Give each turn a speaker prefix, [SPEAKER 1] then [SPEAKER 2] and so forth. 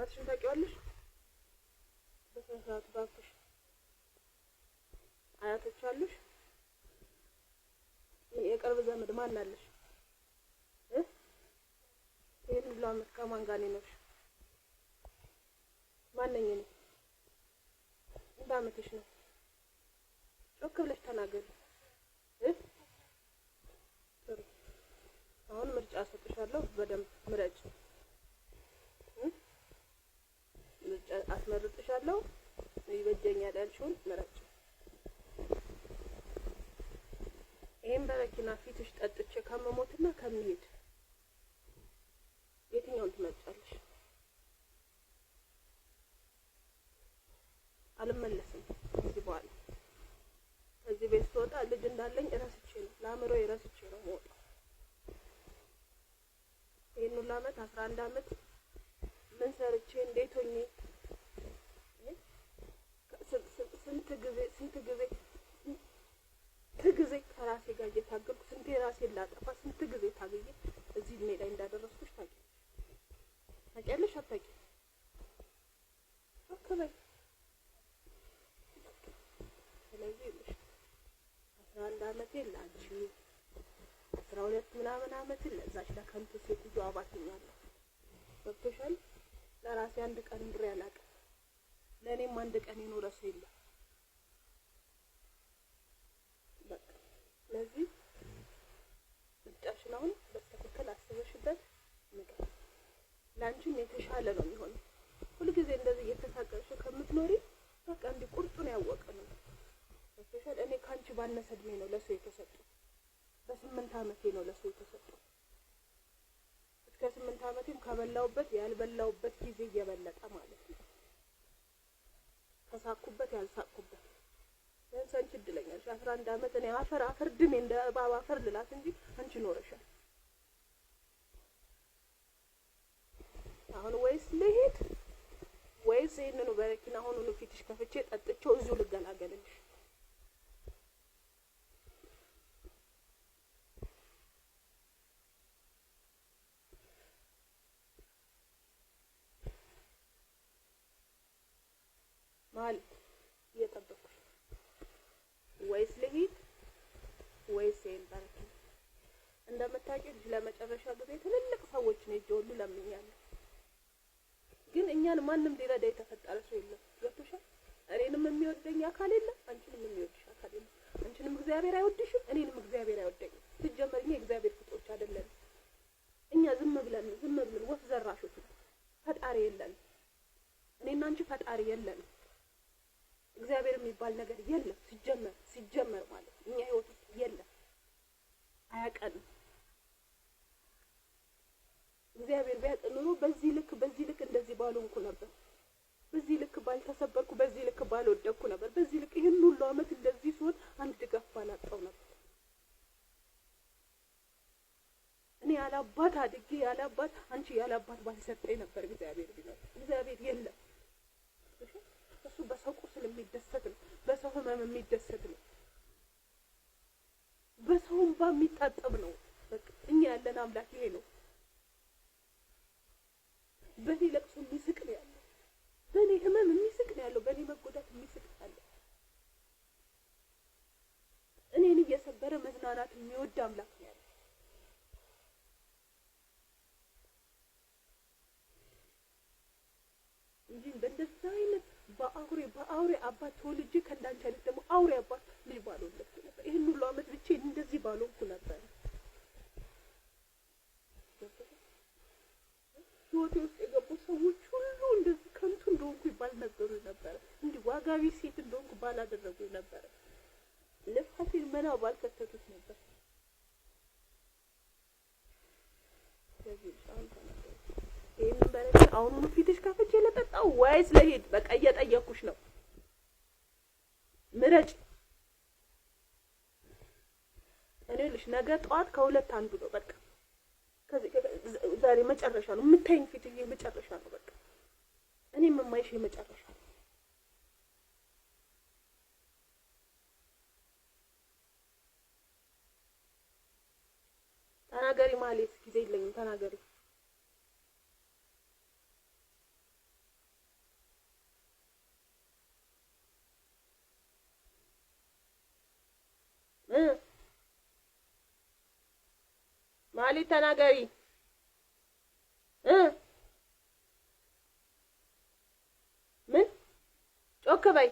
[SPEAKER 1] አባትሽን ታውቂዋለሽ? በስነ ስርዓት ባክሽ። አያቶች አሉሽ? የቅርብ ዘመድ ማን አለሽ? ይሄን ሁሉ አመት ከማን ጋር ነው? ማን ነኝ ነው? እንደ ዓመትሽ ነው? ጮክ ብለሽ ተናገሪ። አሁን ምርጫ ሰጥሻለሁ፣ በደንብ ምረጭ። ያልሽውን ምረጭ። ይህም በመኪና ፊትሽ ጠጥቼ ከመሞትና ከመሄድ የትኛውን ትመርጫለሽ? አልመለስም ከዚህ በኋላ ከዚህ ቤት ስወጣ ልጅ እንዳለኝ እረስቼ ነው ለአእምሮ እረስቼ ነው የምወጣው። ይህን ሁሉ አመት አስራ አንድ አመት ምን ሰርቼ እንዴት ሆኜ ስንት ጊዜ ስንት ጊዜ ከራሴ ጋር እየታገልኩ ስንቴ ራሴ ላጠፋ ስንት ጊዜ ታግዬ እዚህ እድሜ ላይ እንዳደረስኩሽ ታውቂያለሽ። ታውቂያለሽ አታውቂም? አካባቢ ስለዚህ አስራ አንድ አመቴ ለአንቺ አስራ ሁለት ምናምን አመትን ለዛች ለከንቱ ሴትዮ አባትኛለሁ። ገብቶሻል? ለራሴ አንድ ቀን እንድሬ አላውቅም። ለእኔም አንድ ቀን የኖረ ሰው የለም። ስለዚህ ምርጫሽን አሁን በስተክክል አስበሽበት ነገር ለአንቺም የተሻለ ነው የሚሆነው። ሁልጊዜ እንደዚህ እየተሳቀቅሽ ከምትኖሪ በቃ እንዲህ ቁርጡን ያወቀ ነው ስፔሻል። እኔ ከአንቺ ባነሰ እድሜ ነው ለሰው የተሰጡ። በስምንት አመቴ ነው ለሰው የተሰጡ። እስከ ስምንት አመቴም ከበላውበት ያልበላውበት ጊዜ እየበለጠ ማለት ነው ከሳኩበት ያልሳኩበት ቢያንስ አንቺ እድለኛ አስራ አንድ አመት እኔ አፈር አፈር ድሜ እንደ እባብ አፈር ልላት እንጂ አንቺ ኖረሻል። አሁን ወይስ ልሂድ ወይስ ይህንኑ በረኪና ሆኑኑ ፊትሽ ከፍቼ ጠጥቼው እዚሁ ልገላገልልሽ? ማለት ወይስ ልሂድ ወይስ ኤምባርኪ። እንደምታውቂው ለመጨረሻ ጊዜ ትልልቅ ሰዎች ነው እጆሉ ለምኛለሁ፣ ግን እኛን ማንም ሊረዳ የተፈጠረ ሰው የለም። ገብቶሻል? እኔንም የሚወደኝ አካል የለም፣ አንቺንም የሚወድሽ አካል የለም። አንቺንም እግዚአብሔር አይወድሽም፣ እኔንም እግዚአብሔር አይወደኝም። ሲጀመር እኛ የእግዚአብሔር ፍጦች አይደለም። እኛ ዝም ብለን ዝም ብለን ወፍ ዘራሾች ፈጣሪ የለን። እኔና አንቺ ፈጣሪ የለን። እግዚአብሔር የሚባል ነገር የለም ሲጀመር ሲጀመር ማለት እኛ ህይወት ውስጥ የለም አያቀንም። እግዚአብሔር ቢያውቅ ኑሮ በዚህ ልክ በዚህ ልክ እንደዚህ ባልሆንኩ ነበር። በዚህ ልክ ባልተሰበርኩ፣ በዚህ ልክ ባልወደኩ ነበር። በዚህ ልክ ይህን ሁሉ አመት እንደዚህ ሲሆን አንድ ድጋፍ ባላጣው ነበር። እኔ ያለ አባት አድጌ ያለ አባት አንቺ ያለ አባት ባልሰጠኝ ነበር እግዚአብሔር ቢኖር። እግዚአብሔር የለም። እሱ በሰው ቁስል የሚደሰት ነው፣ በሰው ህመም የሚደሰት ነው። በውሃ የሚታጠብ ነው። እኛ ያለን አምላክ ይሄ ነው። በእኔ ለቅሶ የሚስቅ ነው ያለው። በእኔ ህመም የሚስቅ ነው ያለው። በእኔ መጎዳት የሚስቅ አለ። እኔን እየሰበረ መዝናናት የሚወድ አምላክ ነው ያለው። እንጂ በእንደዛ አይነት በአውሬ በአውሬ አባት ተወልጄ ህይወቴ ውስጥ የገቡ ሰዎች ሁሉ እንደዚህ ከንቱ እንደሆንኩ ባልነገሩ ነበረ። እንዲህ ዋጋቢ ሴት እንደሆንኩ ባላደረጉ ነበረ። ልፋቴን መላው ባልከተቱት ነበር። ይህንን በረኪ አሁኑኑ ፊትሽ ከፍቼ የለጠጣው ወይስ ለሄድ? በቃ እየጠየኩሽ ነው። ምረጭ። እኔ ልሽ ነገ ጠዋት ከሁለት አንዱ ነው በቃ ዛሬ መጨረሻ ነው የምታይኝ ፊት ይሄ መጨረሻ ነው። በቃ እኔም የማይሽ የመጨረሻ ነው። ተናገሪ ማለት ጊዜ የለኝም። ተናገሪ ቃሊ ተናገሪ እ ምን ጮክ በይ